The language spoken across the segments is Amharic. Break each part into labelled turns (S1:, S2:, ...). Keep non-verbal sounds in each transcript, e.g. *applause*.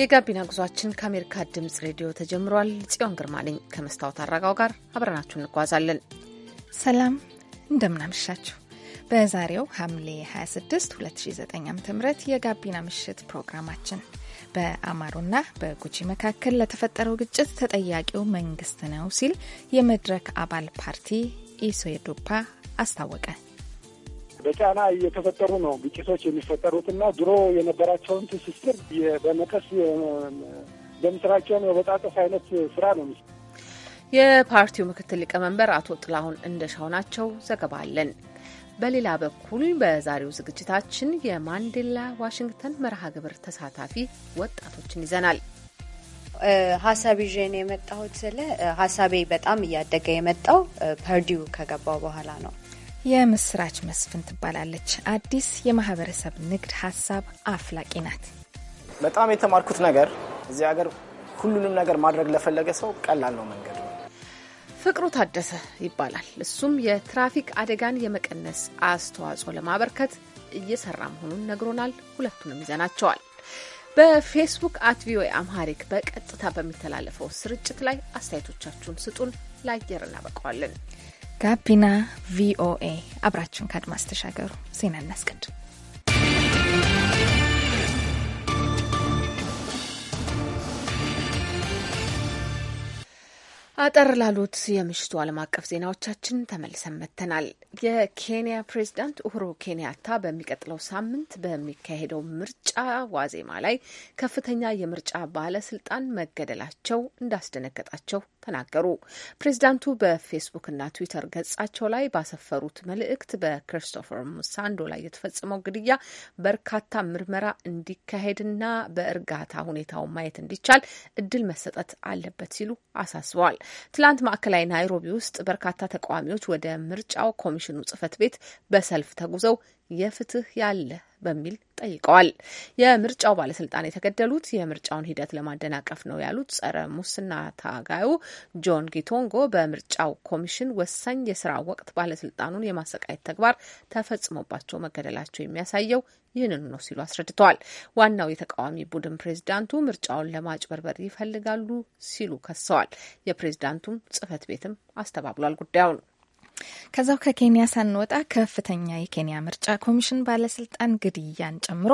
S1: የጋቢና ጉዟችን ከአሜሪካ ድምጽ ሬዲዮ ተጀምሯል። ጽዮን ግርማ ነኝ ከመስታወት አረጋው ጋር አብረናችሁ እንጓዛለን።
S2: ሰላም እንደምናመሻችሁ። በዛሬው ሐምሌ 26 2009 ዓ ም የጋቢና ምሽት ፕሮግራማችን በአማሮና በጉጂ መካከል ለተፈጠረው ግጭት ተጠያቂው መንግስት ነው ሲል የመድረክ አባል ፓርቲ ኢሶዶፓ አስታወቀ።
S3: በጫና እየተፈጠሩ ነው ግጭቶች የሚፈጠሩትና ድሮ የነበራቸውን ትስስር በመቀስ በምስራቸውን የበጣጠፍ አይነት ስራ ነው።
S1: የፓርቲው ምክትል ሊቀመንበር አቶ ጥላሁን እንደሻው ናቸው። ዘገባ አለን። በሌላ በኩል በዛሬው ዝግጅታችን የማንዴላ ዋሽንግተን መርሃ ግብር ተሳታፊ ወጣቶችን ይዘናል። ሀሳብ ይዤን የመጣሁት ስለ ሀሳቤ በጣም
S2: እያደገ የመጣው ፐርዲው ከገባው በኋላ ነው የምስራች መስፍን ትባላለች። አዲስ የማህበረሰብ ንግድ ሀሳብ አፍላቂ ናት።
S4: በጣም የተማርኩት ነገር እዚህ ሀገር ሁሉንም ነገር ማድረግ ለፈለገ ሰው ቀላል ነው መንገድ
S1: ፍቅሩ ታደሰ ይባላል። እሱም የትራፊክ አደጋን የመቀነስ አስተዋጽኦ ለማበርከት እየሰራ መሆኑን ነግሮናል። ሁለቱንም ይዘናቸዋል። በፌስቡክ አት ቪኦኤ አምሃሪክ በቀጥታ በሚተላለፈው ስርጭት ላይ አስተያየቶቻችሁን ስጡን፣ ለአየር እናበቀዋለን።
S2: ጋቢና ቪኦኤ አብራችን ከአድማስ ተሻገሩ። ዜና እናስቀድም።
S1: አጠር ላሉት የምሽቱ ዓለም አቀፍ ዜናዎቻችን ተመልሰን መጥተናል። የኬንያ ፕሬዚዳንት ኡሁሩ ኬንያታ በሚቀጥለው ሳምንት በሚካሄደው ምርጫ ዋዜማ ላይ ከፍተኛ የምርጫ ባለስልጣን መገደላቸው እንዳስደነገጣቸው ተናገሩ። ፕሬዚዳንቱ በፌስቡክና ትዊተር ገጻቸው ላይ ባሰፈሩት መልእክት በክሪስቶፈር ሙሳንዶ ላይ የተፈጸመው ግድያ በርካታ ምርመራ እንዲካሄድና በእርጋታ ሁኔታውን ማየት እንዲቻል እድል መሰጠት አለበት ሲሉ አሳስበዋል። ትላንት ማዕከላዊ ናይሮቢ ውስጥ በርካታ ተቃዋሚዎች ወደ ምርጫው ኮሚሽኑ ጽህፈት ቤት በሰልፍ ተጉዘው የፍትህ ያለ በሚል ጠይቀዋል። የምርጫው ባለስልጣን የተገደሉት የምርጫውን ሂደት ለማደናቀፍ ነው ያሉት ጸረ ሙስና ታጋዩ ጆን ጊቶንጎ በምርጫው ኮሚሽን ወሳኝ የስራ ወቅት ባለስልጣኑን የማሰቃየት ተግባር ተፈጽሞባቸው መገደላቸው የሚያሳየው ይህንኑ ነው ሲሉ አስረድተዋል። ዋናው የተቃዋሚ ቡድን ፕሬዚዳንቱ ምርጫውን ለማጭበርበር ይፈልጋሉ ሲሉ ከሰዋል። የፕሬዚዳንቱም ጽህፈት ቤትም አስተባብሏል ጉዳዩን።
S2: ከዛው ከኬንያ ሳንወጣ ከፍተኛ የኬንያ ምርጫ ኮሚሽን ባለስልጣን ግድያን ጨምሮ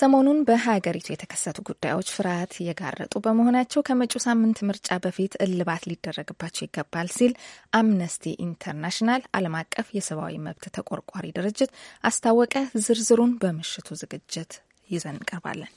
S2: ሰሞኑን በሀገሪቱ የተከሰቱ ጉዳዮች ፍርሃት የጋረጡ በመሆናቸው ከመጪው ሳምንት ምርጫ በፊት እልባት ሊደረግባቸው ይገባል ሲል አምነስቲ ኢንተርናሽናል ዓለም አቀፍ የሰብአዊ መብት ተቆርቋሪ ድርጅት አስታወቀ። ዝርዝሩን በምሽቱ ዝግጅት ይዘን እንቀርባለን።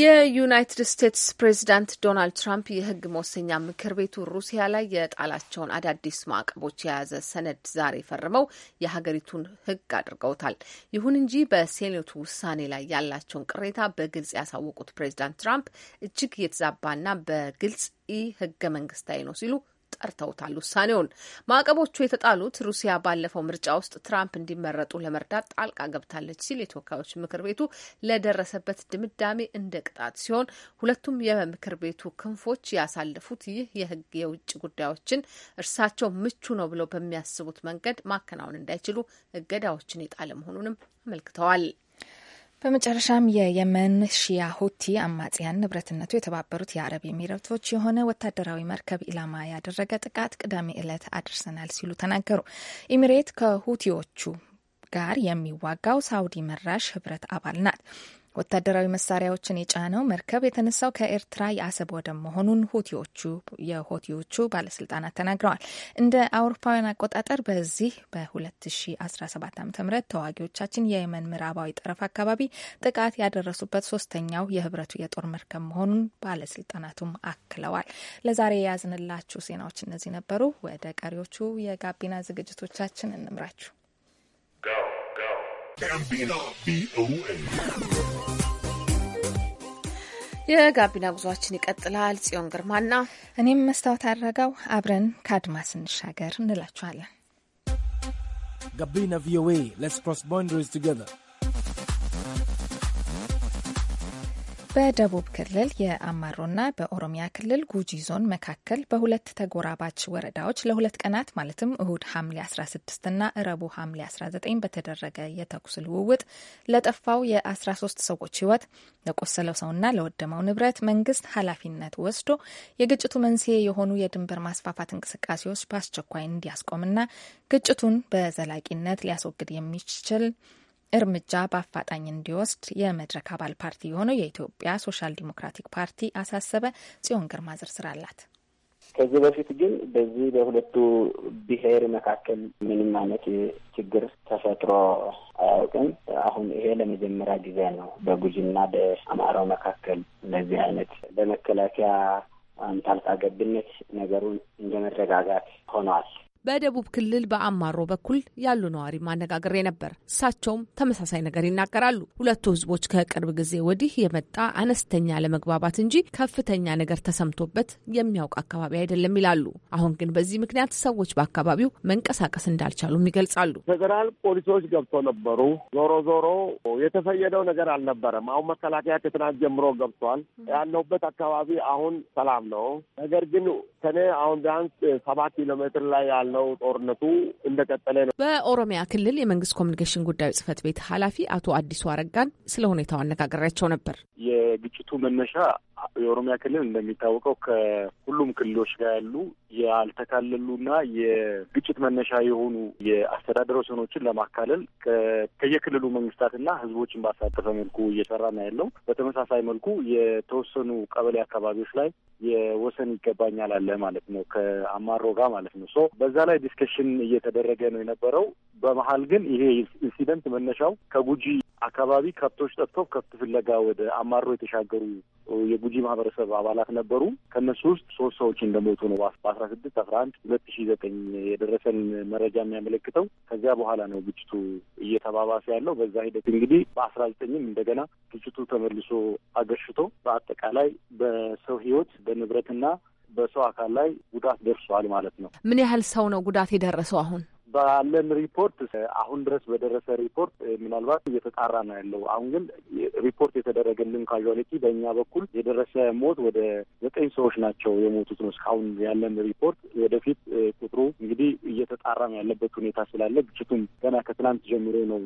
S1: የዩናይትድ ስቴትስ ፕሬዚዳንት ዶናልድ ትራምፕ የህግ መወሰኛ ምክር ቤቱ ሩሲያ ላይ የጣላቸውን አዳዲስ ማዕቀቦች የያዘ ሰነድ ዛሬ ፈርመው የሀገሪቱን ህግ አድርገውታል። ይሁን እንጂ በሴኔቱ ውሳኔ ላይ ያላቸውን ቅሬታ በግልጽ ያሳወቁት ፕሬዚዳንት ትራምፕ እጅግ እየተዛባና በግልጽ ኢ ህገ መንግስታዊ ነው ሲሉ ጠርተውታል ውሳኔውን። ማዕቀቦቹ የተጣሉት ሩሲያ ባለፈው ምርጫ ውስጥ ትራምፕ እንዲመረጡ ለመርዳት ጣልቃ ገብታለች ሲል የተወካዮች ምክር ቤቱ ለደረሰበት ድምዳሜ እንደ ቅጣት ሲሆን ሁለቱም የምክር ቤቱ ክንፎች ያሳለፉት ይህ የህግ የውጭ ጉዳዮችን እርሳቸው ምቹ ነው ብለው በሚያስቡት መንገድ ማከናወን እንዳይችሉ እገዳዎችን የጣለ መሆኑንም አመልክተዋል።
S2: በመጨረሻም የየመን ሺያ ሁቲ አማጽያን ንብረትነቱ የተባበሩት የአረብ ኤሚሬቶች የሆነ ወታደራዊ መርከብ ኢላማ ያደረገ ጥቃት ቅዳሜ ዕለት አድርሰናል ሲሉ ተናገሩ። ኢሚሬት ከሁቲዎቹ ጋር የሚዋጋው ሳውዲ መራሽ ህብረት አባል ናት። ወታደራዊ መሳሪያዎችን የጫነው መርከብ የተነሳው ከኤርትራ የአሰብ ወደብ መሆኑን የሆቲዎቹ ባለስልጣናት ተናግረዋል። እንደ አውሮፓውያን አቆጣጠር በዚህ በ2017 ም ተዋጊዎቻችን የየመን ምዕራባዊ ጠረፍ አካባቢ ጥቃት ያደረሱበት ሶስተኛው የህብረቱ የጦር መርከብ መሆኑን ባለስልጣናቱም አክለዋል። ለዛሬ የያዝንላችሁ ዜናዎች እነዚህ ነበሩ። ወደ ቀሪዎቹ የጋቢና ዝግጅቶቻችን እንምራችሁ።
S5: ጋቢና ቪኦኤ
S2: የጋቢና ጉዟችን ይቀጥላል። ጽዮን ግርማና እኔም መስታወት አድረገው አብረን ከአድማስ እንሻገር እንላችኋለን። ጋቢና ቪኦኤ ሌትስ ክሮስ ባውንደሪስ ቱጌዘር በደቡብ ክልል የአማሮና በኦሮሚያ ክልል ጉጂ ዞን መካከል በሁለት ተጎራባች ወረዳዎች ለሁለት ቀናት ማለትም እሁድ ሐምሌ 16ና እረቡ ሐምሌ 19 በተደረገ የተኩስ ልውውጥ ለጠፋው የ13 ሰዎች ሕይወት ለቆሰለው ሰውና ለወደመው ንብረት መንግስት ኃላፊነት ወስዶ የግጭቱ መንስኤ የሆኑ የድንበር ማስፋፋት እንቅስቃሴዎች በአስቸኳይ እንዲያስቆምና ግጭቱን በዘላቂነት ሊያስወግድ የሚችል እርምጃ በአፋጣኝ እንዲወስድ የመድረክ አባል ፓርቲ የሆነው የኢትዮጵያ ሶሻል ዲሞክራቲክ ፓርቲ አሳሰበ። ጽዮን ግርማ ዝርዝር አላት።
S3: ከዚህ በፊት ግን በዚህ በሁለቱ ብሔር መካከል ምንም አይነት ችግር ተፈጥሮ አያውቅም። አሁን ይሄ ለመጀመሪያ ጊዜ ነው በጉጂና በአማራው መካከል እንደዚህ አይነት ለመከላከያ ጣልቃ ገብነት ነገሩን እንደ መረጋጋት ሆኗል።
S1: በደቡብ ክልል በአማሮ በኩል ያሉ ነዋሪ ማነጋገሬ ነበር። እሳቸውም ተመሳሳይ ነገር ይናገራሉ። ሁለቱ ህዝቦች ከቅርብ ጊዜ ወዲህ የመጣ አነስተኛ ለመግባባት እንጂ ከፍተኛ ነገር ተሰምቶበት የሚያውቅ አካባቢ አይደለም ይላሉ። አሁን ግን በዚህ ምክንያት ሰዎች በአካባቢው መንቀሳቀስ እንዳልቻሉም ይገልጻሉ።
S3: ፌዴራል ፖሊሶች ገብቶ ነበሩ። ዞሮ ዞሮ የተፈየደው ነገር አልነበረም። አሁን መከላከያ ከትናንት ጀምሮ ገብቷል። ያለሁበት አካባቢ አሁን ሰላም ነው። ነገር ግን ከኔ አሁን ቢያንስ ሰባት ኪሎ ሜትር ላይ ያለው ነው። ጦርነቱ እንደቀጠለ ነው።
S1: በኦሮሚያ ክልል የመንግስት ኮሚኒኬሽን ጉዳዮች ጽህፈት ቤት ኃላፊ አቶ አዲሱ አረጋን ስለ ሁኔታው አነጋግሬያቸው ነበር።
S3: የግጭቱ መነሻ የኦሮሚያ ክልል እንደሚታወቀው ከሁሉም ክልሎች ጋር ያሉ ያልተካለሉና የግጭት መነሻ የሆኑ የአስተዳደር ወሰኖችን ለማካለል ከየክልሉ መንግስታትና ህዝቦችን ባሳተፈ መልኩ እየሰራ ነው ያለው። በተመሳሳይ መልኩ የተወሰኑ ቀበሌ አካባቢዎች ላይ የወሰን ይገባኛል አለ ማለት ነው ከአማሮ ጋር ማለት ነው። ሶ በዛ ላይ ዲስከሽን እየተደረገ ነው የነበረው። በመሀል ግን ይሄ ኢንሲደንት መነሻው ከጉጂ አካባቢ ከብቶች ጠጥተው ከብት ፍለጋ ወደ አማሮ የተሻገሩ የጉጂ ማህበረሰብ አባላት ነበሩ። ከእነሱ ውስጥ ሶስት ሰዎች እንደሞቱ ነው በአስራ ስድስት አስራ አንድ ሁለት ሺ ዘጠኝ የደረሰን መረጃ የሚያመለክተው። ከዚያ በኋላ ነው ግጭቱ እየተባባሰ ያለው። በዛ ሂደት እንግዲህ በአስራ ዘጠኝም እንደገና ግጭቱ ተመልሶ አገርሽቶ በአጠቃላይ በሰው ህይወት በንብረትና በሰው አካል ላይ ጉዳት ደርሷል ማለት ነው።
S1: ምን ያህል ሰው ነው ጉዳት የደረሰው አሁን?
S3: ባለን ሪፖርት አሁን ድረስ በደረሰ ሪፖርት ምናልባት እየተጣራ ነው ያለው። አሁን ግን ሪፖርት የተደረገልን ካዥዋሊቲ በእኛ በኩል የደረሰ ሞት ወደ ዘጠኝ ሰዎች ናቸው የሞቱት ነው እስካሁን ያለን ሪፖርት። ወደፊት ቁጥሩ እንግዲህ እየተጣራ ነው ያለበት ሁኔታ ስላለ ግጭቱም ገና ከትናንት ጀምሮ ነው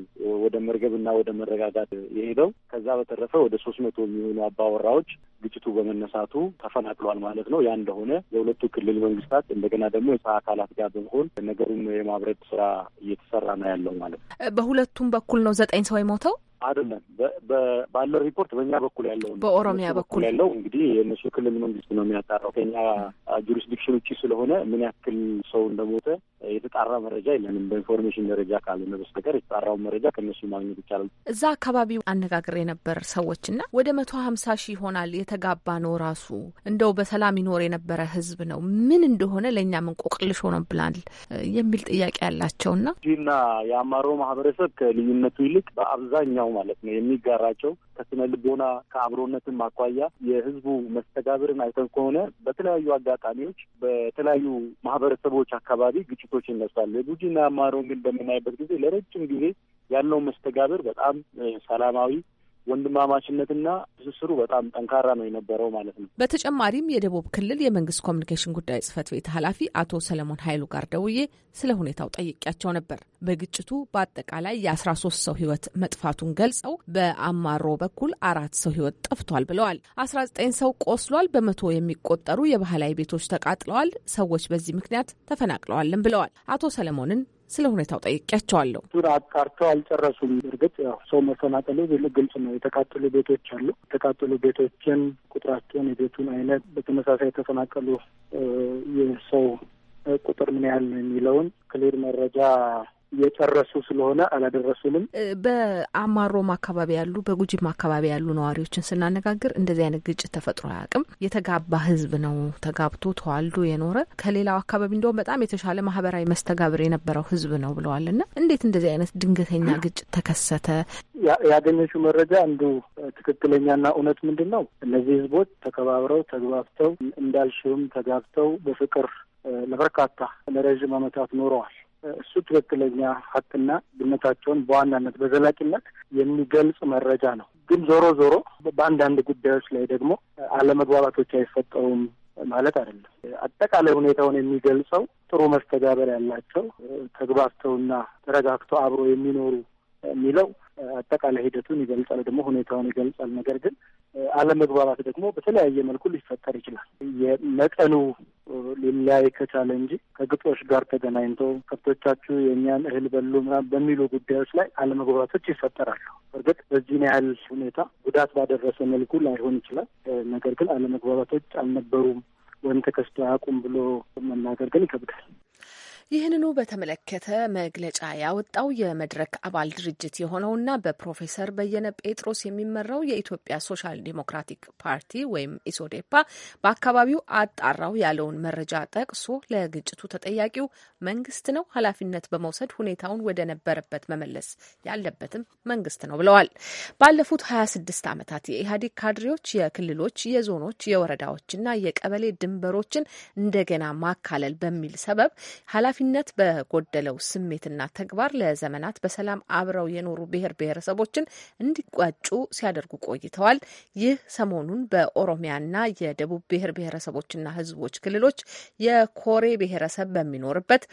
S3: ወደ መርገብና ወደ መረጋጋት የሄደው። ከዛ በተረፈ ወደ ሶስት መቶ የሚሆኑ አባወራዎች ግጭቱ በመነሳቱ ተፈናቅሏል ማለት ነው። ያ እንደሆነ የሁለቱ ክልል መንግስታት እንደገና ደግሞ የሰ አካላት ጋር በመሆን ነገሩን የማብረ የማስወገድ ስራ እየተሰራ ነው ያለው ማለት
S1: ነው። በሁለቱም በኩል ነው ዘጠኝ ሰው የሞተው
S3: አይደለም። ባለው ሪፖርት በእኛ በኩል ያለው በኦሮሚያ በኩል ያለው እንግዲህ የእነሱ ክልል መንግስት ነው የሚያጣራው። ከኛ ጁሪስዲክሽን ውጭ ስለሆነ ምን ያክል ሰው እንደሞተ የተጣራ መረጃ የለንም። በኢንፎርሜሽን ደረጃ ካልሆነ በስተቀር የተጣራውን መረጃ ከእነሱ ማግኘት ይቻላል።
S1: እዛ አካባቢ አነጋግር የነበር ሰዎች እና ወደ መቶ ሀምሳ ሺህ ይሆናል የተጋባ ነው ራሱ እንደው በሰላም ይኖር የነበረ ህዝብ ነው ምን እንደሆነ ለእኛ መንቆቅልሽ ብላል የሚል ጥያቄ ያላቸውና
S3: ና የአማሮ ማህበረሰብ ከልዩነቱ ይልቅ በአብዛኛው ማለት ነው የሚጋራቸው ከስነ ልቦና ከአብሮነትም አኳያ የህዝቡ መስተጋብርን አይተን ከሆነ በተለያዩ አጋጣሚዎች በተለያዩ ማህበረሰቦች አካባቢ ግጭቶች ይነሳሉ። የጉጂና አማሮ ግን በምናይበት ጊዜ ለረጅም ጊዜ ያለው መስተጋብር በጣም ሰላማዊ ወንድማማችነትና ትስስሩ በጣም ጠንካራ ነው የነበረው ማለት ነው።
S1: በተጨማሪም የደቡብ ክልል የመንግስት ኮሚኒኬሽን ጉዳይ ጽህፈት ቤት ኃላፊ አቶ ሰለሞን ኃይሉ ጋር ደውዬ ስለ ሁኔታው ጠይቂያቸው ነበር። በግጭቱ በአጠቃላይ የአስራ ሶስት ሰው ህይወት መጥፋቱን ገልጸው በአማሮ በኩል አራት ሰው ህይወት ጠፍቷል ብለዋል። አስራ ዘጠኝ ሰው ቆስሏል። በመቶ የሚቆጠሩ የባህላዊ ቤቶች ተቃጥለዋል። ሰዎች በዚህ ምክንያት ተፈናቅለዋልም ብለዋል። አቶ ሰለሞንን ስለ ሁኔታው ጠይቄያቸዋለሁ።
S3: ቱን አጣርተው አልጨረሱም። እርግጥ ያው ሰው መፈናቀሉ ግልጽ ነው። የተቃጠሉ ቤቶች አሉ። የተቃጠሉ ቤቶችን ቁጥራቸውን፣ የቤቱን አይነት፣ በተመሳሳይ የተፈናቀሉ የሰው ቁጥር ምን ያህል ነው የሚለውን ክሊር መረጃ የጨረሱ ስለሆነ አላደረሱንም።
S1: በአማሮም አካባቢ ያሉ በጉጂም አካባቢ ያሉ ነዋሪዎችን ስናነጋግር እንደዚህ አይነት ግጭት ተፈጥሮ አያውቅም። የተጋባ ህዝብ ነው ተጋብቶ ተዋልዶ የኖረ ከሌላው አካባቢ እንደውም በጣም የተሻለ ማህበራዊ መስተጋብር የነበረው ህዝብ ነው ብለዋል። እና እንዴት እንደዚህ አይነት ድንገተኛ ግጭት ተከሰተ?
S3: ያገኘችው መረጃ አንዱ ትክክለኛና እውነት ምንድን ነው? እነዚህ ህዝቦች ተከባብረው ተግባብተው እንዳልሽውም ተጋብተው በፍቅር ለበርካታ ለረዥም ዓመታት ኖረዋል። እሱ ትክክለኛ ሀቅና ግነታቸውን በዋናነት በዘላቂነት የሚገልጽ መረጃ ነው። ግን ዞሮ ዞሮ በአንዳንድ ጉዳዮች ላይ ደግሞ አለመግባባቶች አይፈጠሩም ማለት አይደለም። አጠቃላይ ሁኔታውን የሚገልጸው ጥሩ መስተጋበር ያላቸው ተግባብተውና ተረጋግተው አብሮ የሚኖሩ የሚለው አጠቃላይ ሂደቱን ይገልጻል፣ ደግሞ ሁኔታውን ይገልጻል። ነገር ግን አለመግባባት ደግሞ በተለያየ መልኩ ሊፈጠር ይችላል። የመጠኑ ሊለያይ ከቻለ እንጂ ከግጦሽ ጋር ተገናኝቶ ከብቶቻችሁ የእኛን እህል በሉ ምናምን በሚሉ ጉዳዮች ላይ አለመግባባቶች ይፈጠራሉ። እርግጥ በዚህን ያህል ሁኔታ ጉዳት ባደረሰ መልኩ ላይሆን ይችላል። ነገር ግን አለመግባባቶች አልነበሩም ወይም ተከስቶ አያውቁም ብሎ መናገር ግን ይከብዳል።
S1: ይህንኑ በተመለከተ መግለጫ ያወጣው የመድረክ አባል ድርጅት የሆነውና በፕሮፌሰር በየነ ጴጥሮስ የሚመራው የኢትዮጵያ ሶሻል ዲሞክራቲክ ፓርቲ ወይም ኢሶዴፓ በአካባቢው አጣራው ያለውን መረጃ ጠቅሶ ለግጭቱ ተጠያቂው መንግስት ነው፣ ኃላፊነት በመውሰድ ሁኔታውን ወደ ነበረበት መመለስ ያለበትም መንግስት ነው ብለዋል። ባለፉት 26 ዓመታት የኢህአዴግ ካድሬዎች የክልሎች፣ የዞኖች፣ የወረዳዎችና የቀበሌ ድንበሮችን እንደገና ማካለል በሚል ሰበብ ኃላፊ ኃላፊነት በጎደለው ስሜትና ተግባር ለዘመናት በሰላም አብረው የኖሩ ብሔር ብሔረሰቦችን እንዲቋጩ ሲያደርጉ ቆይተዋል። ይህ ሰሞኑን በኦሮሚያና የደቡብ ብሔር ብሔረሰቦችና ሕዝቦች ክልሎች የኮሬ ብሔረሰብ በሚኖርበት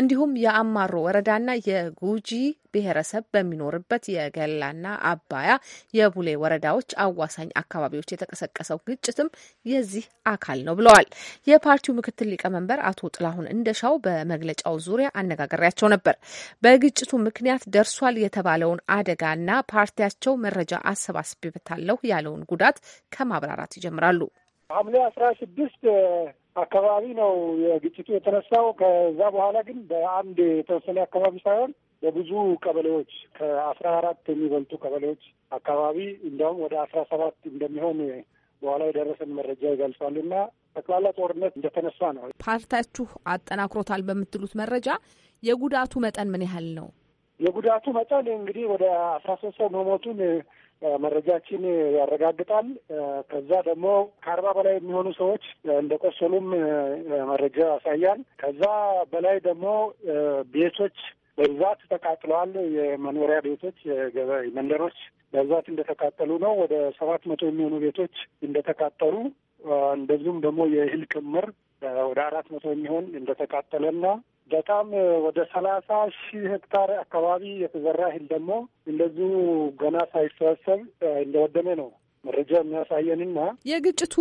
S1: እንዲሁም የአማሮ ወረዳና የጉጂ ብሔረሰብ በሚኖርበት የገላና አባያ የቡሌ ወረዳዎች አዋሳኝ አካባቢዎች የተቀሰቀሰው ግጭትም የዚህ አካል ነው ብለዋል። የፓርቲው ምክትል ሊቀመንበር አቶ ጥላሁን እንደሻው በመግለጫው ዙሪያ አነጋገሪያቸው ነበር። በግጭቱ ምክንያት ደርሷል የተባለውን አደጋና ፓርቲያቸው መረጃ አሰባስቤበታለሁ ያለውን ጉዳት ከማብራራት ይጀምራሉ።
S3: ሐምሌ አስራ ስድስት አካባቢ ነው የግጭቱ የተነሳው። ከዛ በኋላ ግን በአንድ የተወሰነ አካባቢ ሳይሆን በብዙ ቀበሌዎች ከአስራ አራት የሚበልጡ ቀበሌዎች አካባቢ እንዲያውም ወደ አስራ ሰባት እንደሚሆን በኋላ የደረሰን መረጃ ይገልጻል እና ጠቅላላ ጦርነት እንደተነሳ ነው።
S1: ፓርታችሁ አጠናክሮታል በምትሉት መረጃ የጉዳቱ መጠን ምን ያህል ነው?
S3: የጉዳቱ መጠን እንግዲህ ወደ አስራ ሶስት ሰው መሞቱን መረጃችን ያረጋግጣል። ከዛ ደግሞ ከአርባ በላይ የሚሆኑ ሰዎች እንደቆሰሉም መረጃ ያሳያል። ከዛ በላይ ደግሞ ቤቶች በብዛት ተቃጥለዋል። የመኖሪያ ቤቶች፣ መንደሮች በብዛት እንደተቃጠሉ ነው። ወደ ሰባት መቶ የሚሆኑ ቤቶች እንደተቃጠሉ እንደዚሁም ደግሞ የእህል ክምር ወደ አራት መቶ የሚሆን እንደተቃጠለና በጣም ወደ ሰላሳ ሺህ ሄክታር አካባቢ የተዘራ እህል ደግሞ እንደዚሁ ገና ሳይሰበሰብ እንደወደመ ነው መረጃ የሚያሳየንና
S1: የግጭቱ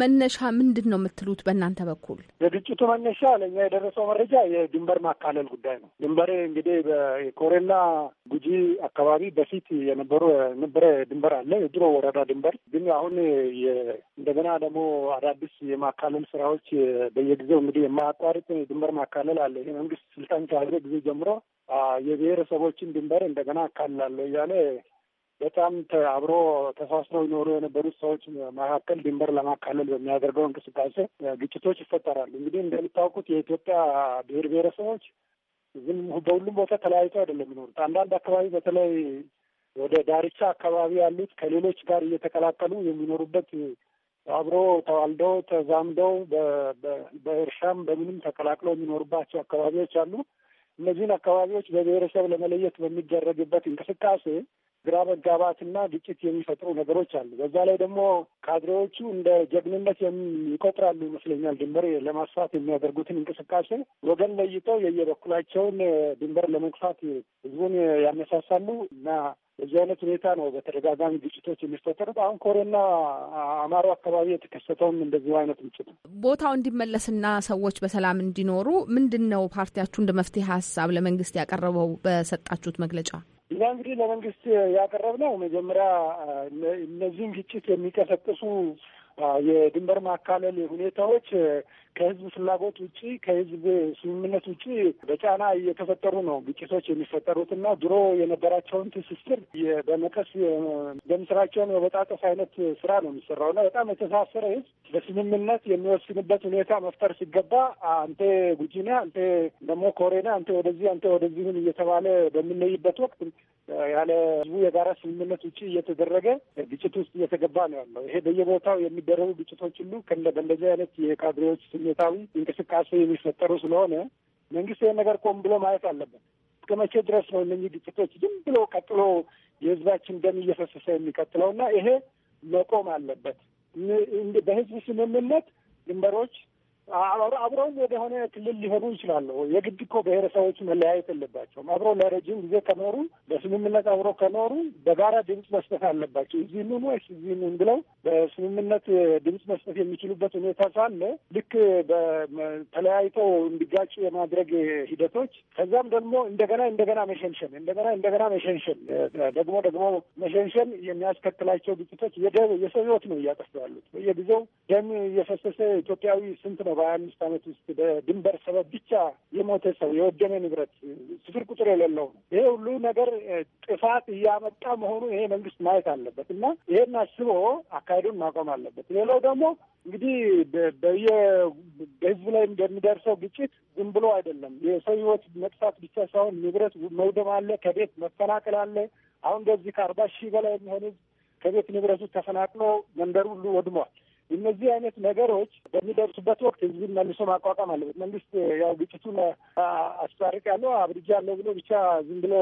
S1: መነሻ ምንድን ነው የምትሉት? በእናንተ በኩል
S3: የግጭቱ መነሻ ለእኛ የደረሰው መረጃ የድንበር ማካለል ጉዳይ ነው። ድንበር እንግዲህ በኮሬላ ጉጂ አካባቢ በፊት የነበሩ የነበረ ድንበር አለ፣ የድሮ ወረዳ ድንበር ግን አሁን እንደገና ደግሞ አዳዲስ የማካለል ስራዎች በየጊዜው እንግዲህ የማያቋርጥ ድንበር ማካለል አለ። ይህ መንግስት ስልጣን ከያዘ ጊዜ ጀምሮ የብሔረሰቦችን ድንበር እንደገና አካልላለሁ እያለ በጣም አብሮ ተሳስረው ይኖሩ የነበሩት ሰዎች መካከል ድንበር ለማካለል በሚያደርገው እንቅስቃሴ ግጭቶች ይፈጠራሉ። እንግዲህ እንደሚታወቁት የኢትዮጵያ ብሔር ብሔረሰቦች ዝም በሁሉም ቦታ ተለያይቶ አይደለም የሚኖሩት። አንዳንድ አካባቢ በተለይ ወደ ዳርቻ አካባቢ ያሉት ከሌሎች ጋር እየተቀላቀሉ የሚኖሩበት አብሮ ተዋልደው ተዛምደው በእርሻም በምንም ተቀላቅለው የሚኖሩባቸው አካባቢዎች አሉ። እነዚህን አካባቢዎች በብሔረሰብ ለመለየት በሚደረግበት እንቅስቃሴ ግራ መጋባትና ግጭት የሚፈጥሩ ነገሮች አሉ። በዛ ላይ ደግሞ ካድሬዎቹ እንደ ጀግንነት ይቆጥራሉ ይመስለኛል። ድንበር ለማስፋት የሚያደርጉትን እንቅስቃሴ ወገን ለይተው የየበኩላቸውን ድንበር ለመግፋት ህዝቡን ያነሳሳሉ እና በዚህ አይነት ሁኔታ ነው በተደጋጋሚ ግጭቶች የሚፈጠሩት። አሁን ኮሬና አማሮ አካባቢ የተከሰተውም እንደዚሁ አይነት ግጭት ነው።
S1: ቦታው እንዲመለስና ሰዎች በሰላም እንዲኖሩ ምንድን ነው ፓርቲያችሁ እንደ መፍትሄ ሀሳብ ለመንግስት ያቀረበው በሰጣችሁት መግለጫ?
S3: እኛ እንግዲህ ለመንግስት ያቀረብነው መጀመሪያ እነዚህን ግጭት የሚቀሰቅሱ የድንበር ማካለል ሁኔታዎች ከህዝብ ፍላጎት ውጪ ከህዝብ ስምምነት ውጪ በጫና እየተፈጠሩ ነው ግጭቶች የሚፈጠሩትና ድሮ የነበራቸውን ትስስር በመቀስ በምስራቸውን የበጣጠፍ አይነት ስራ ነው የሚሰራው እና በጣም የተሳሰረ ህዝብ በስምምነት የሚወስንበት ሁኔታ መፍጠር ሲገባ አንተ ጉጂና አንተ ደግሞ ኮሬና አንተ ወደዚህ አንተ ወደዚህን እየተባለ በምንለይበት ወቅት ያለ ህዝቡ የጋራ ስምምነት ውጪ እየተደረገ ግጭት ውስጥ እየተገባ ነው ያለው። ይሄ በየቦታው የሚ የሚደረጉ ግጭቶች ሁሉ በእንደዚህ አይነት የካድሬዎች ስሜታዊ እንቅስቃሴ የሚፈጠሩ ስለሆነ መንግስት ይህን ነገር ቆም ብሎ ማየት አለበት። እስከ መቼ ድረስ ነው እነዚህ ግጭቶች ዝም ብሎ ቀጥሎ የህዝባችን ደም እየፈሰሰ የሚቀጥለው? እና ይሄ መቆም አለበት። በህዝብ ስምምነት ድንበሮች አብረውም ሆነ ክልል ሊሄዱ ይችላሉ። የግድ እኮ ብሔረሰቦች መለያየት የለባቸውም። አብሮ ለረጅም ጊዜ ከኖሩ፣ በስምምነት አብሮ ከኖሩ በጋራ ድምፅ መስጠት አለባቸው። እዚህ ኑን ወይስ እዚህ ኑን ብለው በስምምነት ድምፅ መስጠት የሚችሉበት ሁኔታ ሳለ ልክ ተለያይቶ እንዲጋጭ የማድረግ ሂደቶች ከዛም ደግሞ እንደገና እንደገና መሸንሸን እንደገና እንደገና መሸንሸን ደግሞ ደግሞ መሸንሸን የሚያስከትላቸው ግጭቶች የሰው ነው እያጠፉ ያሉት። በየጊዜው ደም እየፈሰሰ ኢትዮጵያዊ ስንት ነው በሀያ አምስት ዓመት ውስጥ በድንበር ሰበብ ብቻ የሞተ ሰው የወደመ ንብረት ስፍር ቁጥር የሌለው ነው። ይሄ ሁሉ ነገር ጥፋት እያመጣ መሆኑ ይሄ መንግስት ማየት አለበት እና ይሄን አስቦ አካሄዱን ማቆም አለበት። ሌላው ደግሞ እንግዲህ በየ በህዝብ ላይ እንደሚደርሰው ግጭት ዝም ብሎ አይደለም። የሰው ህይወት መጥፋት ብቻ ሳይሆን ንብረት መውደም አለ፣ ከቤት መፈናቀል አለ። አሁን እንደዚህ ከአርባ ሺህ በላይ የሚሆን ህዝብ ከቤት ንብረቱ ተፈናቅሎ መንደሩ ሁሉ ወድሟል። እነዚህ አይነት ነገሮች በሚደርሱበት ወቅት ህዝብን መልሶ ማቋቋም አለበት። መንግስት ያው ግጭቱን አስታርቅ ያለው አብድጃ አለው ብሎ ብቻ ዝም ብሎ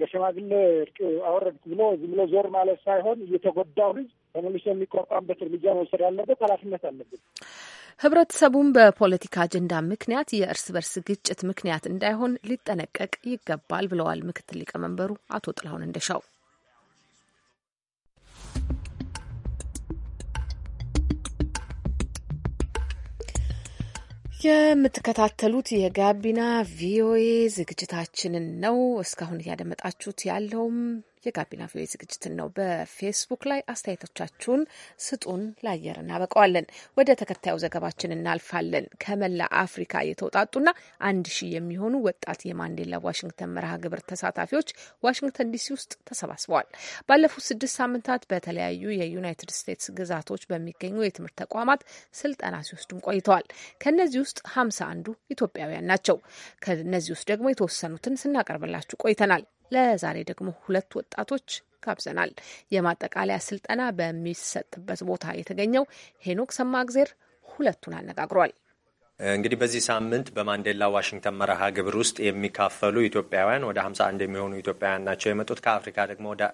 S3: በሸማግሌ እርቅ አወረድኩ ብሎ ዝም ብሎ ዞር ማለት ሳይሆን እየተጎዳው ህዝብ በመልሶ የሚቋቋምበት እርምጃ መውሰድ ያለበት ኃላፊነት አለብን።
S1: ህብረተሰቡም በፖለቲካ አጀንዳ ምክንያት የእርስ በርስ ግጭት ምክንያት እንዳይሆን ሊጠነቀቅ ይገባል ብለዋል ምክትል ሊቀመንበሩ አቶ ጥላሁን እንደሻው። የምትከታተሉት የጋቢና ቪኦኤ ዝግጅታችንን ነው። እስካሁን እያደመጣችሁት ያለውም የጋቢና ቪኦኤ ዝግጅትን ነው። በፌስቡክ ላይ አስተያየቶቻችሁን ስጡን፣ ለአየር እናበቀዋለን። ወደ ተከታዩ ዘገባችን እናልፋለን። ከመላ አፍሪካ የተውጣጡና አንድ ሺህ የሚሆኑ ወጣት የማንዴላ ዋሽንግተን መርሃ ግብር ተሳታፊዎች ዋሽንግተን ዲሲ ውስጥ ተሰባስበዋል። ባለፉት ስድስት ሳምንታት በተለያዩ የዩናይትድ ስቴትስ ግዛቶች በሚገኙ የትምህርት ተቋማት ስልጠና ሲወስዱም ቆይተዋል። ከእነዚህ ውስጥ ሀምሳ አንዱ ኢትዮጵያውያን ናቸው። ከእነዚህ ውስጥ ደግሞ የተወሰኑትን ስናቀርብላችሁ ቆይተናል። ለዛሬ ደግሞ ሁለት ወጣቶች ጋብዘናል። የማጠቃለያ ስልጠና በሚሰጥበት ቦታ የተገኘው ሄኖክ ሰማእግዜር ሁለቱን አነጋግሯል።
S5: እንግዲህ በዚህ ሳምንት በማንዴላ ዋሽንግተን መርሃ ግብር ውስጥ የሚካፈሉ ኢትዮጵያውያን ወደ 51 የሚሆኑ ኢትዮጵያውያን ናቸው የመጡት። ከአፍሪካ ደግሞ ወደ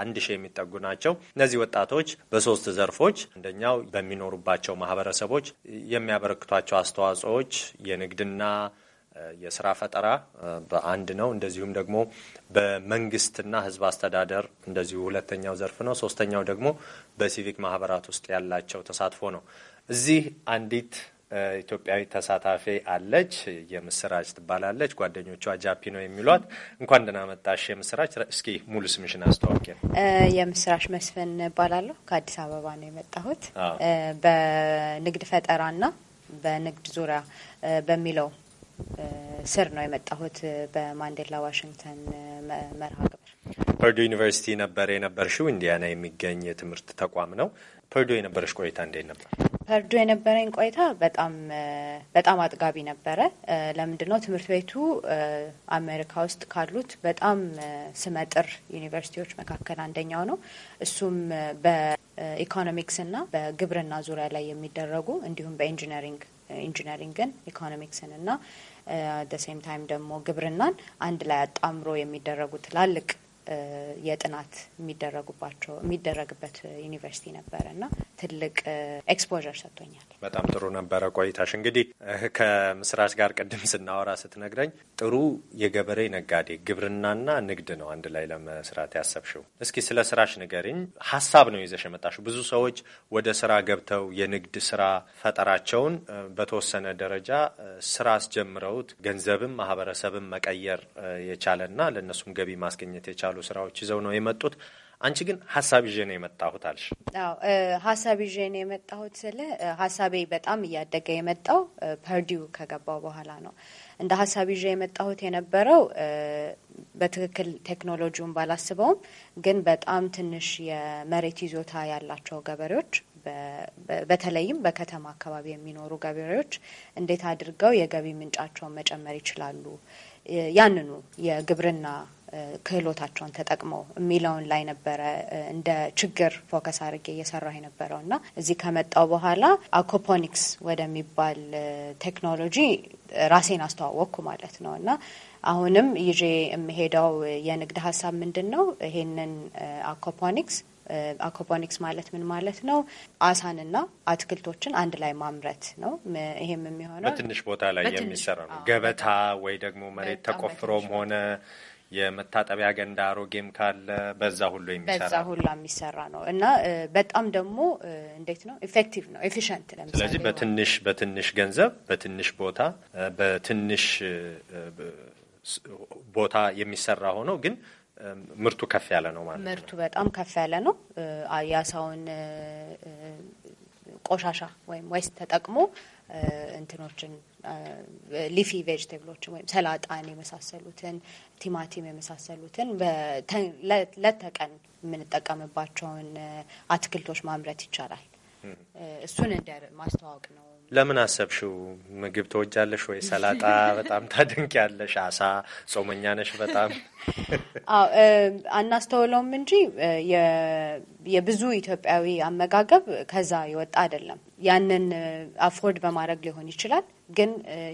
S5: አንድ ሺህ የሚጠጉ ናቸው። እነዚህ ወጣቶች በሶስት ዘርፎች አንደኛው በሚኖሩባቸው ማህበረሰቦች የሚያበረክቷቸው አስተዋጽኦዎች የንግድና የስራ ፈጠራ በአንድ ነው። እንደዚሁም ደግሞ በመንግስትና ህዝብ አስተዳደር እንደዚሁ ሁለተኛው ዘርፍ ነው። ሶስተኛው ደግሞ በሲቪክ ማህበራት ውስጥ ያላቸው ተሳትፎ ነው። እዚህ አንዲት ኢትዮጵያዊ ተሳታፊ አለች። የምስራች ትባላለች። ጓደኞቿ ጃፒ ነው የሚሏት። እንኳን ደህና መጣሽ የምስራች። እስኪ ሙሉ ስምሽን አስተዋወቂ።
S6: የምስራች መስፍን እባላለሁ። ከአዲስ አበባ ነው የመጣሁት። በንግድ ፈጠራና በንግድ ዙሪያ በሚለው ስር ነው የመጣሁት በማንዴላ ዋሽንግተን መርሃ ግብር።
S5: ፐርዶ ዩኒቨርሲቲ ነበር የነበርሽው፣ ኢንዲያና የሚገኝ የትምህርት ተቋም ነው። ፐርዶ የነበረች ቆይታ እንዴት ነበር?
S6: ፐርዶ የነበረኝ ቆይታ በጣም በጣም አጥጋቢ ነበረ። ለምንድን ነው ትምህርት ቤቱ አሜሪካ ውስጥ ካሉት በጣም ስመጥር ዩኒቨርሲቲዎች መካከል አንደኛው ነው። እሱም በኢኮኖሚክስና በግብርና ዙሪያ ላይ የሚደረጉ እንዲሁም በኢንጂነሪንግ ኢንጂነሪንግን ኢኮኖሚክስንና ደሴም ታይም ደግሞ ግብርናን አንድ ላይ አጣምሮ የሚደረጉ ትላልቅ የጥናት የሚደረጉባቸው የሚደረግበት ዩኒቨርሲቲ ነበረ እና ትልቅ ኤክስፖዠር ሰጥቶኛል።
S5: በጣም ጥሩ ነበረ ቆይታሽ። እንግዲህ ከምስራች ጋር ቅድም ስናወራ ስትነግረኝ ጥሩ የገበሬ ነጋዴ ግብርናና ንግድ ነው አንድ ላይ ለመስራት ያሰብሽው። እስኪ ስለ ስራሽ ንገሪኝ። ሀሳብ ነው ይዘሽ የመጣሽው። ብዙ ሰዎች ወደ ስራ ገብተው የንግድ ስራ ፈጠራቸውን በተወሰነ ደረጃ ስራ አስጀምረውት ገንዘብም ማህበረሰብም መቀየር የቻለና ለእነሱም ገቢ ማስገኘት የቻሉ ስራዎች ይዘው ነው የመጡት። አንቺ ግን ሀሳብ ይዤ ነው የመጣሁት አልሽ።
S6: አዎ ሀሳብ ይዤ ነው የመጣሁት ስለ ሀሳቤ በጣም እያደገ የመጣው ፐርዲው ከገባው በኋላ ነው። እንደ ሀሳብ ይዤ የመጣሁት የነበረው በትክክል ቴክኖሎጂውን ባላስበውም፣ ግን በጣም ትንሽ የመሬት ይዞታ ያላቸው ገበሬዎች በተለይም በከተማ አካባቢ የሚኖሩ ገበሬዎች እንዴት አድርገው የገቢ ምንጫቸውን መጨመር ይችላሉ፣ ያንኑ የግብርና ክህሎታቸውን ተጠቅመው የሚለውን ላይ ነበረ እንደ ችግር ፎከስ አድርጌ እየሰራሁ የነበረው እና እዚህ ከመጣው በኋላ አኮፖኒክስ ወደሚባል ቴክኖሎጂ ራሴን አስተዋወቅኩ ማለት ነው እና አሁንም ይዤ የሚሄደው የንግድ ሀሳብ ምንድን ነው? ይሄንን አኮፖኒክስ አኮፖኒክስ ማለት ምን ማለት ነው? አሳንና አትክልቶችን አንድ ላይ ማምረት ነው። ይሄም የሚሆነው በትንሽ
S5: ቦታ ላይ የሚሰራ ነው። ገበታ ወይ ደግሞ መሬት ተቆፍሮም ሆነ የመታጠቢያ ገንዳ አሮጌም ካለ በዛ ሁሉ የሚሰራ በዛ
S6: ሁሉ የሚሰራ ነው እና በጣም ደግሞ እንዴት ነው ኢፌክቲቭ ነው ኤፊሽንት። ስለዚህ
S5: በትንሽ በትንሽ ገንዘብ በትንሽ ቦታ በትንሽ ቦታ የሚሰራ ሆኖ ግን ምርቱ ከፍ ያለ ነው ማለት ነው።
S6: ምርቱ በጣም ከፍ ያለ ነው። የአሳውን ቆሻሻ ወይም ዌስት ተጠቅሞ እንትኖችን ሊፊ ቬጅቴብሎችን ወይም ሰላጣን የመሳሰሉትን ቲማቲም የመሳሰሉትን ለተቀን የምንጠቀምባቸውን አትክልቶች ማምረት ይቻላል። እሱን እንደ ማስተዋወቅ
S5: ነው ለምን አሰብሽው? ምግብ ተወጃለሽ ወይ? ሰላጣ በጣም ታደንቅ ያለሽ፣ አሳ ጾመኛ ነሽ በጣም
S6: *laughs* አናስተውለውም እንጂ የብዙ ኢትዮጵያዊ አመጋገብ ከዛ የወጣ አይደለም። ያንን አፎርድ በማድረግ ሊሆን ይችላል፣ ግን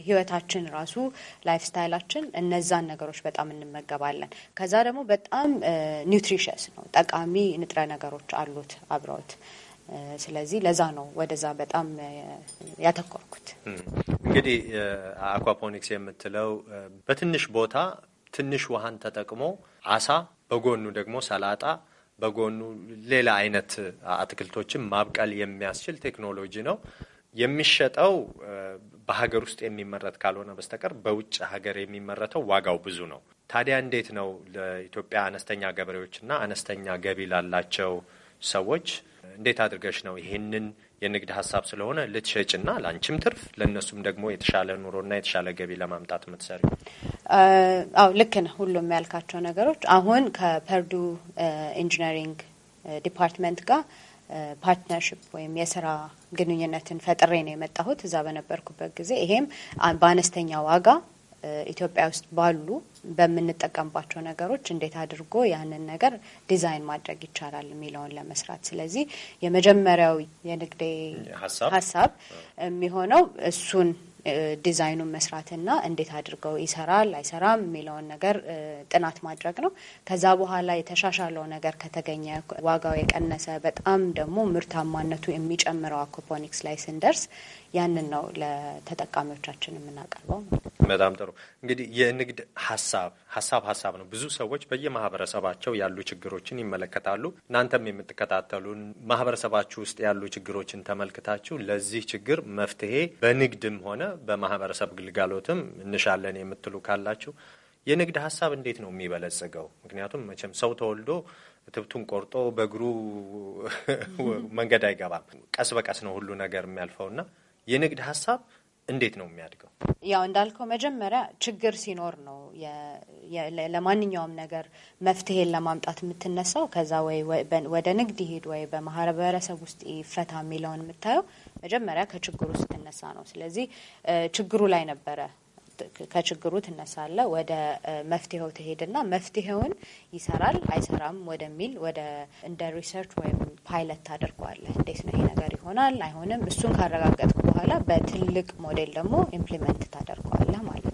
S6: ህይወታችን ራሱ ላይፍ ስታይላችን እነዛን ነገሮች በጣም እንመገባለን። ከዛ ደግሞ በጣም ኒውትሪሽስ ነው፣ ጠቃሚ ንጥረ ነገሮች አሉት አብረውት ስለዚህ ለዛ ነው ወደዛ በጣም
S1: ያተኮርኩት።
S5: እንግዲህ አኳፖኒክስ የምትለው በትንሽ ቦታ ትንሽ ውሃን ተጠቅሞ አሳ፣ በጎኑ ደግሞ ሰላጣ፣ በጎኑ ሌላ አይነት አትክልቶችን ማብቀል የሚያስችል ቴክኖሎጂ ነው። የሚሸጠው በሀገር ውስጥ የሚመረት ካልሆነ በስተቀር በውጭ ሀገር የሚመረተው ዋጋው ብዙ ነው። ታዲያ እንዴት ነው ለኢትዮጵያ አነስተኛ ገበሬዎችና አነስተኛ ገቢ ላላቸው ሰዎች እንዴት አድርገሽ ነው ይህንን የንግድ ሀሳብ ስለሆነ ልትሸጭና ለአንቺም ትርፍ ለእነሱም ደግሞ የተሻለ ኑሮና የተሻለ ገቢ ለማምጣት የምትሰሪ?
S6: አዎ ልክ ነው። ሁሉም ያልካቸው ነገሮች አሁን ከፐርዱ ኢንጂነሪንግ ዲፓርትመንት ጋር ፓርትነርሽፕ ወይም የስራ ግንኙነትን ፈጥሬ ነው የመጣሁት እዛ በነበርኩበት ጊዜ። ይሄም በአነስተኛ ዋጋ ኢትዮጵያ ውስጥ ባሉ በምንጠቀምባቸው ነገሮች እንዴት አድርጎ ያንን ነገር ዲዛይን ማድረግ ይቻላል የሚለውን ለመስራት። ስለዚህ የመጀመሪያው የንግዴ ሀሳብ የሚሆነው እሱን ዲዛይኑን መስራትና እንዴት አድርገው ይሰራል አይሰራም የሚለውን ነገር ጥናት ማድረግ ነው። ከዛ በኋላ የተሻሻለው ነገር ከተገኘ ዋጋው የቀነሰ በጣም ደግሞ ምርታማነቱ የሚጨምረው አኩፖኒክስ ላይ ስንደርስ ያንን ነው ለተጠቃሚዎቻችን የምናቀርበው።
S5: በጣም ጥሩ እንግዲህ የንግድ ሀሳብ ሀሳብ ሀሳብ ነው። ብዙ ሰዎች በየማህበረሰባቸው ያሉ ችግሮችን ይመለከታሉ። እናንተም የምትከታተሉን ማህበረሰባችሁ ውስጥ ያሉ ችግሮችን ተመልክታችሁ ለዚህ ችግር መፍትሄ በንግድም ሆነ በማህበረሰብ ግልጋሎትም እንሻለን የምትሉ ካላችሁ የንግድ ሀሳብ እንዴት ነው የሚበለጽገው? ምክንያቱም መቼም ሰው ተወልዶ ትብቱን ቆርጦ በእግሩ መንገድ አይገባም። ቀስ በቀስ ነው ሁሉ ነገር የሚያልፈው እና የንግድ ሀሳብ እንዴት ነው የሚያድገው?
S6: ያው እንዳልከው መጀመሪያ ችግር ሲኖር ነው ለማንኛውም ነገር መፍትሄን ለማምጣት የምትነሳው። ከዛ ወይ ወደ ንግድ ይሄድ ወይ በማህበረሰብ ውስጥ ይፈታ የሚለውን የምታየው መጀመሪያ ከችግሩ ስትነሳ ነው። ስለዚህ ችግሩ ላይ ነበረ ከችግሩ ትነሳለ ወደ መፍትሄው ትሄድና መፍትሄውን ይሰራል አይሰራም ወደሚል ወደ እንደ ሪሰርች ወይም ፓይለት ታደርገዋለ። እንዴት ነው ይሄ ነገር ይሆናል አይሆንም? እሱን ካረጋገጥኩ በኋላ በትልቅ ሞዴል ደግሞ ኢምፕሊመንት
S1: ታደርገዋለ ማለት ነው።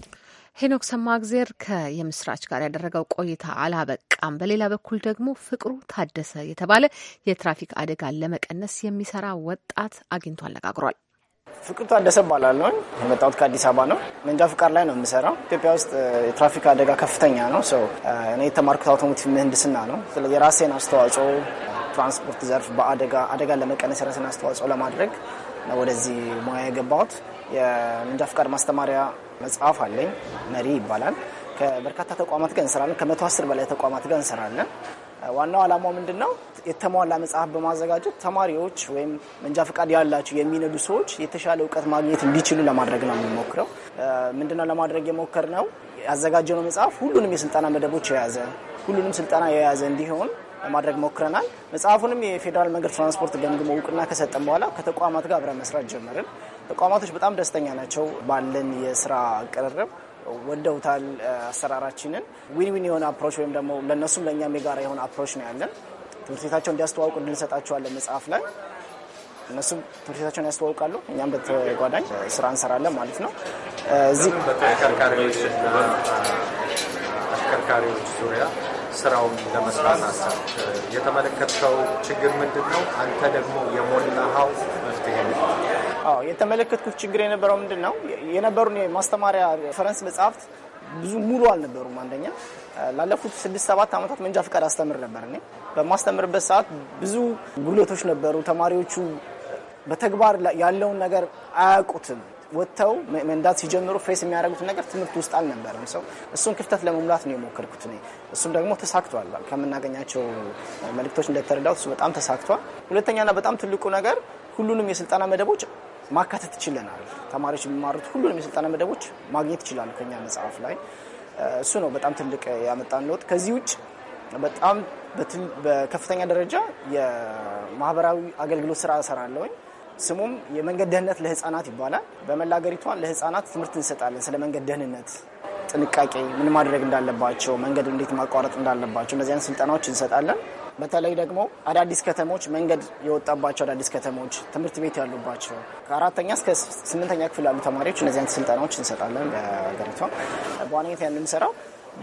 S1: ሄኖክ ሰማእግዜር ከየምስራች ጋር ያደረገው ቆይታ አላበቃም። በሌላ በኩል ደግሞ ፍቅሩ ታደሰ የተባለ የትራፊክ አደጋን ለመቀነስ የሚሰራ ወጣት አግኝቶ
S4: አነጋግሯል። ፍቅሩ ታደሰ እባላለሁ። የመጣሁት ከአዲስ አበባ ነው። መንጃ ፍቃድ ላይ ነው የምሰራው። ኢትዮጵያ ውስጥ የትራፊክ አደጋ ከፍተኛ ነው። ሰው እኔ የተማርኩት አውቶሞቲቭ ምህንድስና ነው። ስለዚህ የራሴን አስተዋጽኦ ትራንስፖርት ዘርፍ በአደጋ አደጋ ለመቀነስ የራሴን አስተዋጽኦ ለማድረግ ወደዚህ ሙያ የገባሁት የመንጃ ፍቃድ ማስተማሪያ መጽሐፍ አለኝ መሪ ይባላል። ከበርካታ ተቋማት ጋር እንሰራለን። ከመቶ አስር በላይ ተቋማት ጋር እንሰራለን። ዋናው ዓላማው ምንድን ነው? የተሟላ መጽሐፍ በማዘጋጀት ተማሪዎች ወይም መንጃ ፈቃድ ያላቸው የሚነዱ ሰዎች የተሻለ እውቀት ማግኘት እንዲችሉ ለማድረግ ነው የምንሞክረው። ምንድነው ለማድረግ የሞከርነው? ያዘጋጀነው መጽሐፍ ሁሉንም የስልጠና መደቦች የያዘ ሁሉንም ስልጠና የያዘ እንዲሆን ለማድረግ ሞክረናል። መጽሐፉንም የፌዴራል መንገድ ትራንስፖርት ገምግሞ እውቅና ከሰጠን በኋላ ከተቋማት ጋር አብረን መስራት ጀመርን። ተቋማቶች በጣም ደስተኛ ናቸው ባለን የስራ ቅርርብ ወደውታል አሰራራችንን። ዊን ዊን የሆነ አፕሮች ወይም ደግሞ ለእነሱም ለእኛም የጋራ የሆነ አፕሮች ነው ያለን። ትምህርት ቤታቸው እንዲያስተዋውቁ እንሰጣቸዋለን መጽሐፍ ላይ እነሱም ትምህርት ቤታቸውን ያስተዋውቃሉ። እኛም በተጓዳኝ ስራ እንሰራለን ማለት ነው። እዚህ
S5: አሽከርካሪዎች ዙሪያ ስራውን ለመስራት ሀሳብ የተመለከትከው ችግር ምንድን ነው? አንተ ደግሞ የሞላሀው
S4: አዎ የተመለከትኩት ችግር የነበረው ምንድን ነው የነበሩን የማስተማሪያ ፈረንስ መጽሐፍት ብዙ ሙሉ አልነበሩም። አንደኛ ላለፉት ስድስት ሰባት ዓመታት መንጃ ፈቃድ አስተምር ነበር። እኔ በማስተምርበት ሰዓት ብዙ ጉድለቶች ነበሩ። ተማሪዎቹ በተግባር ያለውን ነገር አያውቁትም። ወጥተው መንዳት ሲጀምሩ ፌስ የሚያደርጉትን ነገር ትምህርት ውስጥ አልነበረም። ሰው እሱን ክፍተት ለመሙላት ነው የሞከርኩት እኔ። እሱም ደግሞ ተሳክቷል። ከምናገኛቸው መልእክቶች እንደተረዳሁት እሱ በጣም ተሳክቷል። ሁለተኛና በጣም ትልቁ ነገር ሁሉንም የስልጠና መደቦች ማካተት ይችለናል። ተማሪዎች የሚማሩት ሁሉንም የስልጠና መደቦች ማግኘት ይችላሉ ከኛ መጽሐፍ ላይ። እሱ ነው በጣም ትልቅ ያመጣን ለውጥ። ከዚህ ውጭ በጣም በከፍተኛ ደረጃ የማህበራዊ አገልግሎት ስራ እሰራለሁኝ። ስሙም የመንገድ ደህንነት ለህፃናት ይባላል። በመላ ለህፃናት ትምህርት እንሰጣለን ስለ መንገድ ደህንነት ጥንቃቄ ምን ማድረግ እንዳለባቸው፣ መንገድ እንዴት ማቋረጥ እንዳለባቸው እነዚያን ስልጠናዎች እንሰጣለን። በተለይ ደግሞ አዳዲስ ከተሞች መንገድ የወጣባቸው አዳዲስ ከተሞች፣ ትምህርት ቤት ያሉባቸው ከአራተኛ እስከ ስምንተኛ ክፍል ያሉ ተማሪዎች እነዚህ አይነት ስልጠናዎች እንሰጣለን። በሀገሪቷ በዋነኝነት ያን የምንሰራው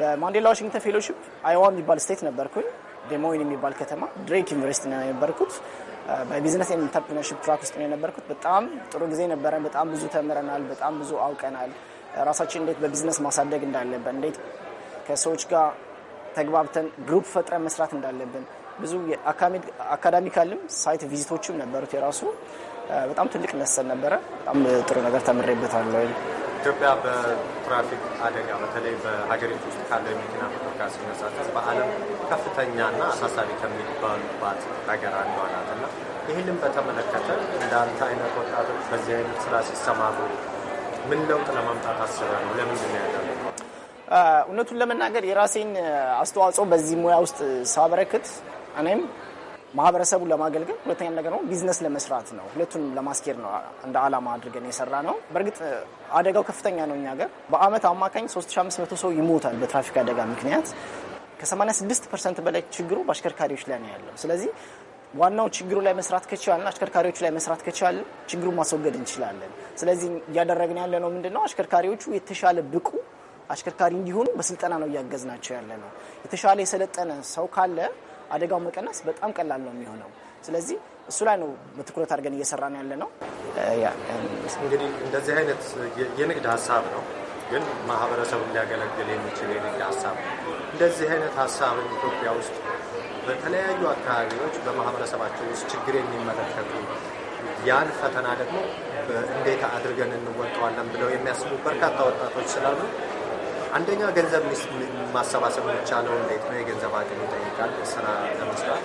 S4: በማንዴላ ዋሽንግተን ፌሎሺፕ አይዋ የሚባል ስቴት ነበርኩኝ። ደሞይን የሚባል ከተማ ድሬክ ዩኒቨርሲቲ ነው የነበርኩት። በቢዝነስ ኢንተርፕሪነርሺፕ ትራክ ውስጥ ነው የነበርኩት። በጣም ጥሩ ጊዜ ነበረን። በጣም ብዙ ተምረናል። በጣም ብዙ አውቀናል። ራሳችን እንዴት በቢዝነስ ማሳደግ እንዳለብን፣ እንዴት ከሰዎች ጋር ተግባብተን ግሩፕ ፈጥረን መስራት እንዳለብን ብዙ አካዳሚካልም ሳይት ቪዚቶችም ነበሩት የራሱ በጣም ትልቅ ነሰል ነበረ። በጣም ጥሩ ነገር ተምሬበታለሁ።
S5: ኢትዮጵያ በትራፊክ አደጋ በተለይ በሀገሪቱ ውስጥ ካለው የመኪና ቁጥር ጋር በዓለም ከፍተኛና አሳሳቢ ከሚባሉባት ሀገር አንዷ ናት እና ይህንም በተመለከተ እንዳንተ አይነት ወጣቶች በዚህ አይነት ስራ ሲሰማሩ ምን ለውጥ ለማምጣት አስበ ነው? ለምንድን ነው
S4: እውነቱን ለመናገር የራሴን አስተዋጽኦ በዚህ ሙያ ውስጥ ሳበረክት እኔም ማህበረሰቡን ለማገልገል ሁለተኛ ነገር ነው ቢዝነስ ለመስራት ነው። ሁለቱንም ለማስኬድ ነው እንደ አላማ አድርገን የሰራ ነው። በእርግጥ አደጋው ከፍተኛ ነው። እኛ ገር በአመት አማካኝ 3500 ሰው ይሞታል በትራፊክ አደጋ ምክንያት። ከ86 ፐርሰንት በላይ ችግሩ በአሽከርካሪዎች ላይ ነው ያለው። ስለዚህ ዋናው ችግሩ ላይ መስራት ከቻልን አሽከርካሪዎቹ ላይ መስራት ከቻልን ችግሩ ማስወገድ እንችላለን። ስለዚህ እያደረግን ያለ ነው ምንድነው አሽከርካሪዎቹ የተሻለ ብቁ አሽከርካሪ እንዲሆኑ በስልጠና ነው እያገዝናቸው ያለ ነው። የተሻለ የሰለጠነ ሰው ካለ አደጋው መቀነስ በጣም ቀላል ነው የሚሆነው። ስለዚህ እሱ ላይ ነው በትኩረት አድርገን እየሰራን ያለ ነው።
S5: እንግዲህ እንደዚህ አይነት የንግድ ሀሳብ ነው ግን ማህበረሰቡን ሊያገለግል የሚችል የንግድ ሀሳብ ነው። እንደዚህ አይነት ሀሳብን ኢትዮጵያ ውስጥ በተለያዩ አካባቢዎች በማህበረሰባቸው ውስጥ ችግር የሚመለከቱ ያን ፈተና ደግሞ እንዴት አድርገን እንወጣዋለን ብለው የሚያስቡ በርካታ ወጣቶች ስላሉ አንደኛ ገንዘብ ማሰባሰብ የሚቻለው እንዴት ነው? የገንዘብ አቅም ይጠይቃል ስራ ለመስራት።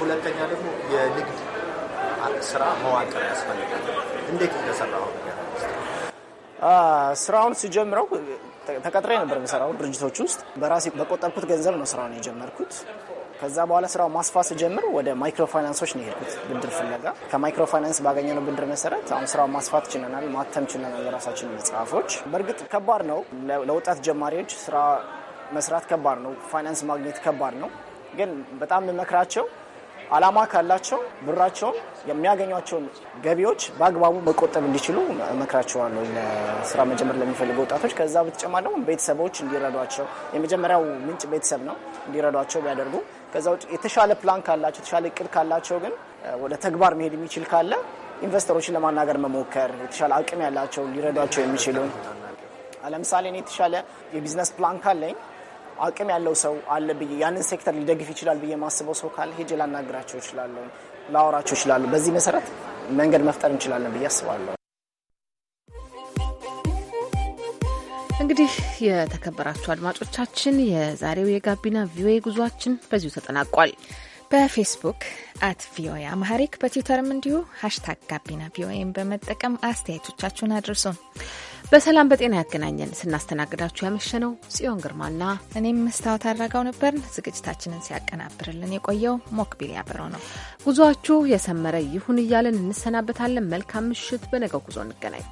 S5: ሁለተኛ ደግሞ የንግድ ስራ መዋቅር ያስፈልጋል። እንዴት እንደሰራው
S4: ስራውን ሲጀምረው ተቀጥሬ ነበር የምሰራው ድርጅቶች ውስጥ በራሴ በቆጠብኩት ገንዘብ ነው ስራውን የጀመርኩት። ከዛ በኋላ ስራው ማስፋት ስጀምር ወደ ማይክሮ ፋይናንሶች ነው የሄድኩት ብድር ፍለጋ። ከማይክሮ ፋይናንስ ባገኘነው ብድር መሰረት አሁን ስራው ማስፋት ችለናል፣ ማተም ችለናል የራሳችን መጽሐፎች። በእርግጥ ከባድ ነው ለወጣት ጀማሪዎች ስራ መስራት ከባድ ነው፣ ፋይናንስ ማግኘት ከባድ ነው። ግን በጣም የምመክራቸው አላማ ካላቸው ብራቸውን የሚያገኟቸውን ገቢዎች በአግባቡ መቆጠብ እንዲችሉ እመክራቸዋለሁ ስራ መጀመር ለሚፈልጉ ወጣቶች። ከዛ በተጨማሪ ደግሞ ቤተሰቦች እንዲረዷቸው፣ የመጀመሪያው ምንጭ ቤተሰብ ነው፣ እንዲረዷቸው ቢያደርጉ ከዛ ውጭ የተሻለ ፕላን ካላቸው የተሻለ እቅድ ካላቸው ግን ወደ ተግባር መሄድ የሚችል ካለ ኢንቨስተሮችን ለማናገር መሞከር የተሻለ አቅም ያላቸውን ሊረዷቸው የሚችሉ ለምሳሌ እኔ የተሻለ የቢዝነስ ፕላን ካለኝ አቅም ያለው ሰው አለ ብዬ ያንን ሴክተር ሊደግፍ ይችላል ብዬ ማስበው ሰው ካለ ሄጄ ላናግራቸው ይችላለሁ፣ ላወራቸው ይችላለሁ። በዚህ መሰረት መንገድ መፍጠር እንችላለን ብዬ አስባለሁ። እንግዲህ
S1: የተከበራችሁ አድማጮቻችን የዛሬው የጋቢና ቪኦኤ ጉዟችን በዚሁ ተጠናቋል።
S2: በፌስቡክ አት ቪኦኤ አማሪክ በትዊተርም እንዲሁ ሀሽታግ ጋቢና ቪኦኤን በመጠቀም አስተያየቶቻችሁን አድርሱን። በሰላም በጤና ያገናኘን። ስናስተናግዳችሁ ያመሸነው ጽዮን ግርማና እኔም መስታወት አድረጋው ነበር። ዝግጅታችንን ሲያቀናብርልን
S1: የቆየው ሞክቢል ያበረው ነው። ጉዟችሁ የሰመረ ይሁን እያለን እንሰናበታለን። መልካም ምሽት። በነገው ጉዞ እንገናኝ።